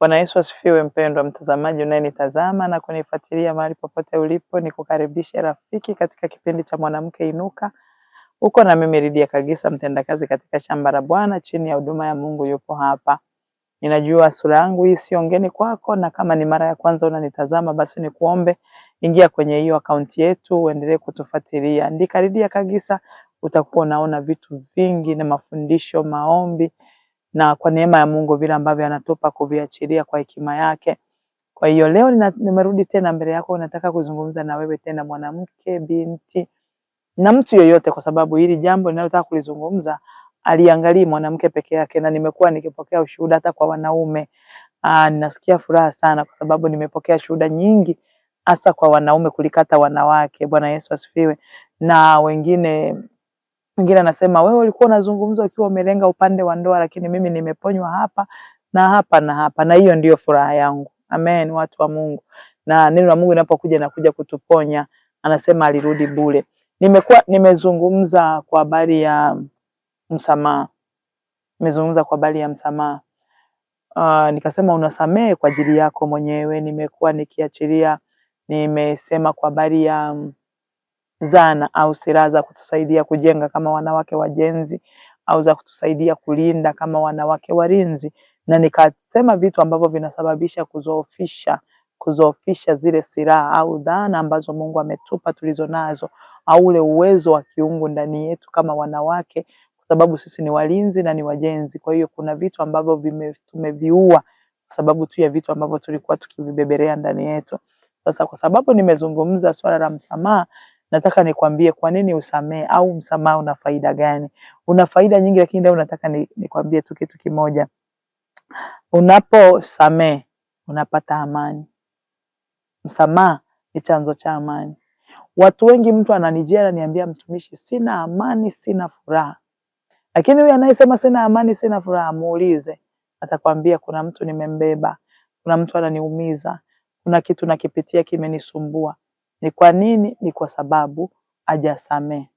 Bwana Yesu asifiwe. Mpendwa mtazamaji unayenitazama na kunifuatilia mahali popote ulipo, nikukaribishe rafiki katika kipindi cha Mwanamke Inuka. Uko na mimi Lidia Kagisa, mtendakazi katika shamba la Bwana chini ya huduma ya Mungu yupo hapa. Ninajua sura yangu hii sio ngeni kwako, na kama ni mara ya kwanza unanitazama, basi nikuombe ingia kwenye hiyo akaunti yetu, uendelee kutufuatilia. Andika Lidia Kagisa, utakuwa unaona vitu vingi na mafundisho, maombi na kwa neema ya Mungu vile ambavyo anatupa kuviachilia kwa hekima yake. Kwa hiyo leo nimerudi tena mbele yako, nataka kuzungumza na wewe tena, mwanamke, binti na mtu yoyote, kwa sababu hili jambo ninalotaka kulizungumza aliangalii mwanamke peke yake, na nimekuwa nikipokea ushuhuda hata kwa wanaume. Aa, ninasikia furaha sana kwa sababu nimepokea shuhuda nyingi hasa kwa wanaume kulikata wanawake. Bwana Yesu asifiwe. Na wengine Mwingine anasema wewe ulikuwa unazungumza ukiwa umelenga upande wa ndoa, lakini mimi nimeponywa hapa na hapa na hapa, na hiyo ndiyo furaha yangu. Amen, watu wa Mungu. Na neno la Mungu linapokuja na kuja kutuponya, anasema alirudi bure. Nimekuwa nimezungumza kwa habari ya msamaha, nimezungumza kwa habari ya msamaha. Uh, nikasema unasamehe kwa ajili yako mwenyewe. Nimekuwa nikiachilia, nimesema kwa habari ya zana au silaha za kutusaidia kujenga kama wanawake wajenzi au za kutusaidia kulinda kama wanawake walinzi, na nikasema vitu ambavyo vinasababisha kuzoofisha kuzoofisha zile silaha au dhana ambazo Mungu ametupa tulizo nazo au ule uwezo wa kiungu ndani yetu kama wanawake, kwa sababu sisi ni walinzi na ni wajenzi. Kwa hiyo kuna vitu ambavyo tumeviua kwa sababu tu ya vitu ambavyo tulikuwa tukivibebelea ndani yetu. Sasa kwa sababu nimezungumza swala la msamaha, nataka nikwambie kwa nini usamee au msamaha una faida gani. Una faida nyingi, lakini leo nataka nikwambie tu kitu kimoja. Unaposamee unapata amani. Msamaha ni chanzo cha amani. Watu wengi, mtu ananijia ananiambia, mtumishi, sina amani, sina furaha. Lakini huyu anayesema sina amani, sina furaha, muulize, atakwambia kuna mtu nimembeba, kuna mtu ananiumiza, kuna kitu nakipitia kimenisumbua. Ni kwa nini? Ni kwa sababu hajasamehe,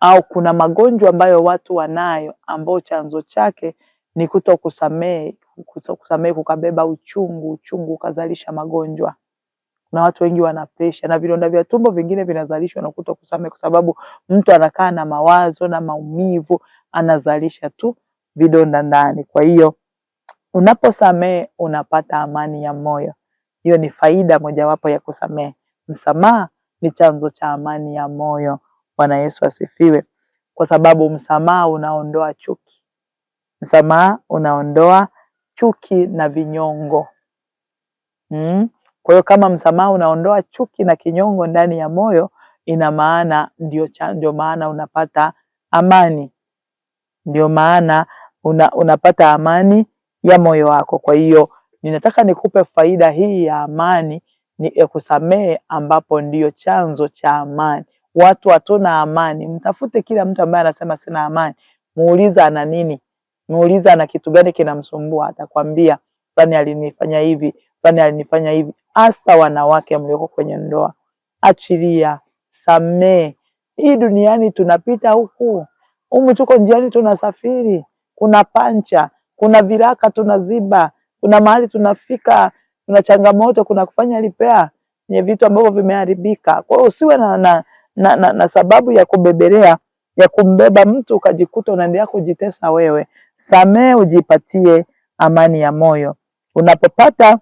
au kuna magonjwa ambayo watu wanayo ambao chanzo chake ni kuto kusamehe. Kuto kusamehe kukabeba uchungu, uchungu ukazalisha magonjwa. Kuna watu wengi wana presha na vidonda vya tumbo vingine vinazalishwa na kuto kusamehe, kwa sababu mtu anakaa na mawazo na maumivu, anazalisha tu vidonda ndani. Kwa hiyo unaposamehe unapata amani ya moyo. Hiyo ni faida mojawapo ya kusamehe. Msamaha ni chanzo cha amani ya moyo. Bwana Yesu asifiwe, kwa sababu msamaha unaondoa chuki. Msamaha unaondoa chuki na vinyongo mm. Kwa hiyo kama msamaha unaondoa chuki na kinyongo ndani ya moyo, ina maana ndio ndio maana unapata amani, ndio maana una, unapata amani ya moyo wako. Kwa hiyo ninataka nikupe faida hii ya amani ni kusamehe, ambapo ndiyo chanzo cha amani. Watu hatuna amani, mtafute kila mtu ambaye anasema sina amani, muuliza ana nini, muuliza ana kitu gani kinamsumbua, atakwambia fulani alinifanya hivi, fulani alinifanya hivi. Hasa wanawake mlioko kwenye ndoa, achilia, samehe. Hii duniani tunapita huku, humu tuko njiani, tunasafiri, kuna pancha, kuna viraka tunaziba, kuna mahali tunafika kuna changamoto, kuna kufanya repair ni vitu ambavyo vimeharibika. Kwa hiyo usiwe na, na, na, na, na sababu ya kubebelea ya kumbeba mtu ukajikuta unaendelea kujitesa wewe. Samee, ujipatie amani ya moyo. Unapopata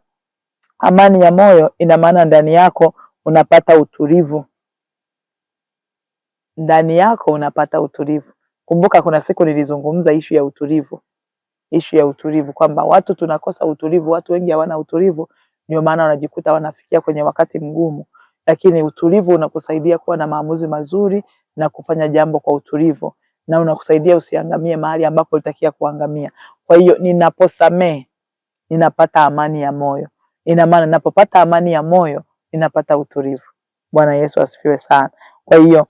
amani ya moyo, ina maana ndani yako unapata utulivu, ndani yako unapata utulivu. Kumbuka, kuna siku nilizungumza ishu ya utulivu ishu ya utulivu, kwamba watu tunakosa utulivu, watu wengi hawana utulivu, ndio maana wanajikuta wanafikia kwenye wakati mgumu. Lakini utulivu unakusaidia kuwa na maamuzi mazuri na kufanya jambo kwa utulivu, na unakusaidia usiangamie mahali ambapo ulitakia kuangamia. Kwa hiyo ninaposamehe ninapata amani ya moyo. Ina maana ninapopata amani ya moyo ninapata utulivu. Bwana Yesu asifiwe sana. Kwa hiyo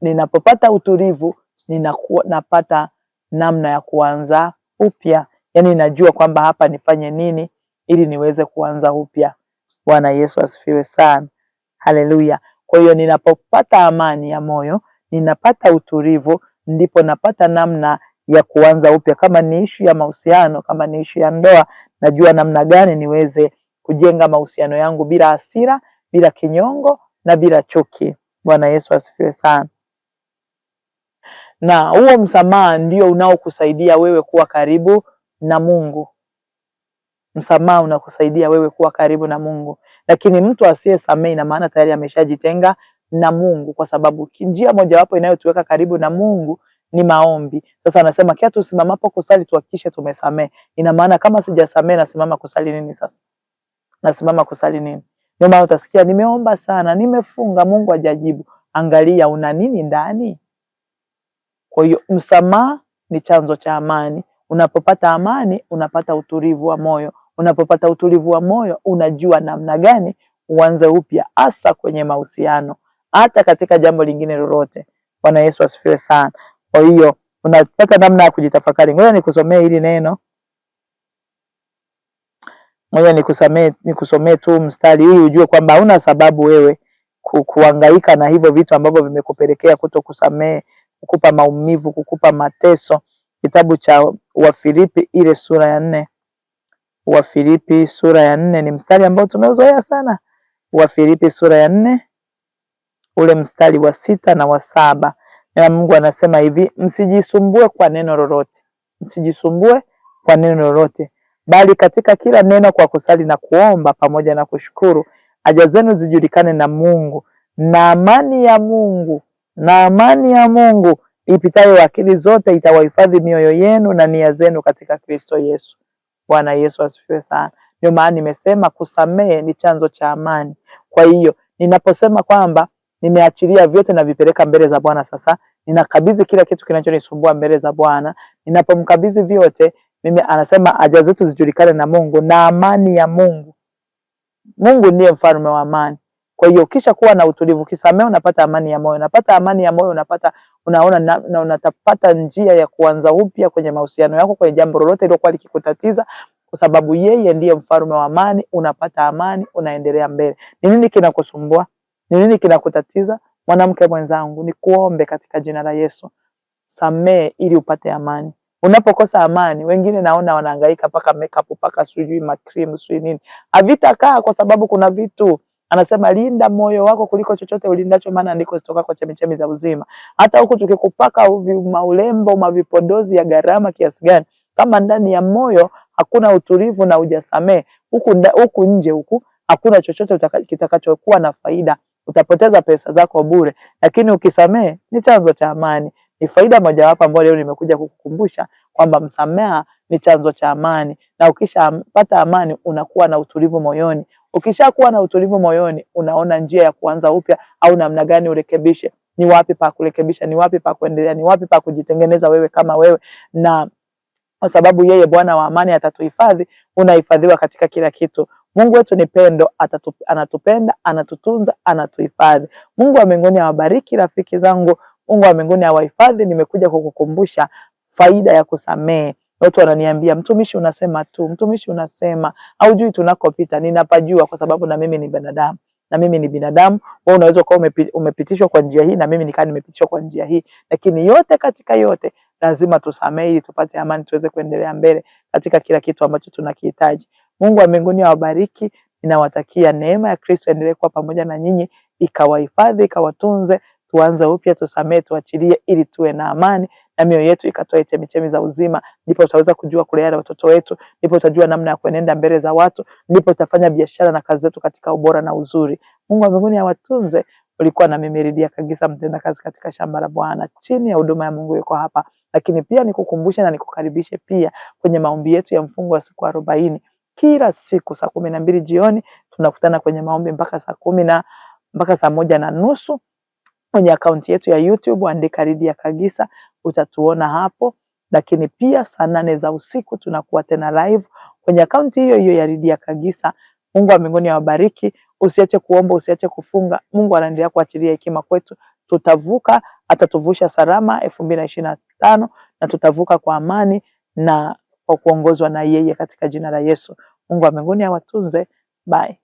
ninapopata utulivu ninakuwa napata namna ya kuanza upya, yaani najua kwamba hapa nifanye nini ili niweze kuanza upya. Bwana Yesu asifiwe sana, haleluya. Kwa hiyo ninapopata amani ya moyo, ninapata utulivu, ndipo napata namna ya kuanza upya. Kama ni ishu ya mahusiano, kama ni ishu ya ndoa, najua namna gani niweze kujenga mahusiano yangu bila hasira, bila kinyongo na bila chuki. Bwana Yesu asifiwe sana na huo msamaha ndio unaokusaidia wewe kuwa karibu na Mungu. Msamaha unakusaidia wewe kuwa karibu na Mungu, lakini mtu asiyesamehe, ina maana tayari ameshajitenga na Mungu, kwa sababu njia mojawapo inayotuweka karibu na Mungu ni maombi. Sasa anasema kia tusimamapo kusali tuhakikishe tumesamehe. Ina maana kama sijasamehe, nasimama kusali nini? Sasa nasimama kusali nini? Ndio maana utasikia nimeomba sana, nimefunga, Mungu hajajibu. Angalia una nini ndani. Kwa hiyo msamaha ni chanzo cha amani. Unapopata amani, unapata utulivu wa moyo. Unapopata utulivu wa moyo, unajua namna gani uanze upya, hasa kwenye mahusiano, hata katika jambo lingine lolote. Bwana Yesu asifiwe sana. Kwa hiyo unapata namna ya kujitafakari. Ngoja nikusomee hili neno, ngoja nikusamee, nikusomee tu mstari huu ujue kwamba hauna sababu wewe kuhangaika na hivyo vitu ambavyo vimekupelekea kuto kusamehe kukupa maumivu, kukupa mateso. Kitabu cha Wafilipi ile sura ya nne, Wafilipi sura ya nne ni mstari ambao tumeuzoea sana. Wafilipi sura ya nne ule mstari wa sita na wa saba na Mungu anasema hivi, msijisumbue kwa neno lolote, msijisumbue kwa neno lolote, bali katika kila neno kwa kusali na kuomba pamoja na kushukuru haja zenu zijulikane na Mungu, na amani ya Mungu na amani ya Mungu ipitayo akili zote itawahifadhi mioyo yenu na nia zenu katika Kristo Yesu. Bwana Yesu asifiwe sana. Ndio maana nimesema kusamehe ni chanzo cha amani. Kwa hiyo ninaposema kwamba nimeachilia vyote na vipeleka mbele za Bwana, sasa ninakabidhi kila kitu kinachonisumbua mbele za Bwana. Ninapomkabidhi vyote mimi, anasema haja zetu zijulikane na Mungu na amani ya Mungu. Mungu ndiye mfalme wa amani. Kwa hiyo kisha kuwa na utulivu, ukisamehe unapata amani ya moyo, unapata amani ya moyo, unapata unaona na, na unatapata njia ya kuanza upya kwenye mahusiano yako, kwenye jambo lolote lilokuwa likikutatiza, kwa sababu yeye ndiye mfalme wa amani. Unapata amani, unaendelea mbele. Ni nini kinakusumbua? Ni nini kinakutatiza? Mwanamke mwenzangu, ni kuombe katika jina la Yesu, samee ili upate amani. Unapokosa amani, wengine naona wanahangaika paka makeup, paka sijui ma cream sijui nini, havitakaa kwa sababu kuna vitu anasema linda moyo wako kuliko chochote ulindacho, maana andiko zitoka kwa chemichemi za uzima. Hata huku tukikupaka maulembo mavipodozi ya gharama kiasi gani, kama ndani ya moyo hakuna utulivu na ujasamee, huku huku nje huku hakuna chochote kitakachokuwa na faida. Utapoteza pesa zako bure, lakini ukisamehe ni chanzo cha amani. Ni faida mojawapo ambayo leo nimekuja kukukumbusha kwamba msamaha ni chanzo cha amani, na ukishapata amani unakuwa na utulivu moyoni, Ukishakuwa na utulivu moyoni, unaona njia ya kuanza upya au namna gani urekebishe, ni wapi pa kurekebisha, ni wapi pa kuendelea, ni wapi pa kujitengeneza wewe kama wewe na kwa sababu yeye Bwana wa amani atatuhifadhi, unahifadhiwa katika kila kitu. Mungu wetu ni pendo, anatupenda, anatutunza, anatuhifadhi. Mungu wa mbinguni awabariki rafiki zangu, Mungu wa mbinguni awahifadhi. Nimekuja kukukumbusha faida ya kusamehe. Watu wananiambia mtumishi, unasema tu, mtumishi, unasema haujui tunakopita. Ninapajua kwa sababu na mimi ni binadamu na mimi ni binadamu. Wewe unaweza kuwa umepitishwa kwa njia hii na mimi nikaa nimepitishwa kwa njia hii, lakini yote katika yote lazima tusamehe ili tupate amani, tuweze kuendelea mbele katika kila kitu ambacho tunakihitaji. Mungu wa mbinguni awabariki. Ninawatakia neema ya Kristo endelee kuwa pamoja na nyinyi, ikawahifadhi, ikawatunze. Tuanze upya, tusamehe, tuachilie, ili tuwe na amani na mioyo yetu ikatoa chemichemi za uzima, ndipo tutaweza kujua kulea watoto wetu, ndipo tutajua namna ya kuenenda mbele za watu, ndipo tutafanya biashara na kazi zetu katika ubora na uzuri. Mungu wa mbinguni awatunze. Ulikuwa na mimi Lidia Kagisa, mtenda kazi katika shamba la Bwana chini ya huduma ya Mungu yuko hapa, lakini pia nikukumbushe na nikukaribishe pia kwenye maombi yetu ya mfungo wa siku arobaini kila siku saa kumi na mbili jioni tunakutana kwenye maombi mpaka saa kumi na mpaka saa moja na nusu kwenye akaunti yetu ya YouTube andika Lidia Kagisa utatuona hapo, lakini pia saa nane za usiku tunakuwa tena live kwenye akaunti hiyo hiyo ya Lydia Kagisa. Mungu wa mbinguni awabariki. Usiache kuomba, usiache kufunga. Mungu anaendelea kuachilia hekima kwetu, tutavuka, atatuvusha salama elfu mbili na ishirini na tano na tutavuka kwa amani na kwa kuongozwa na yeye katika jina la Yesu. Mungu wa mbinguni awatunze. Bye.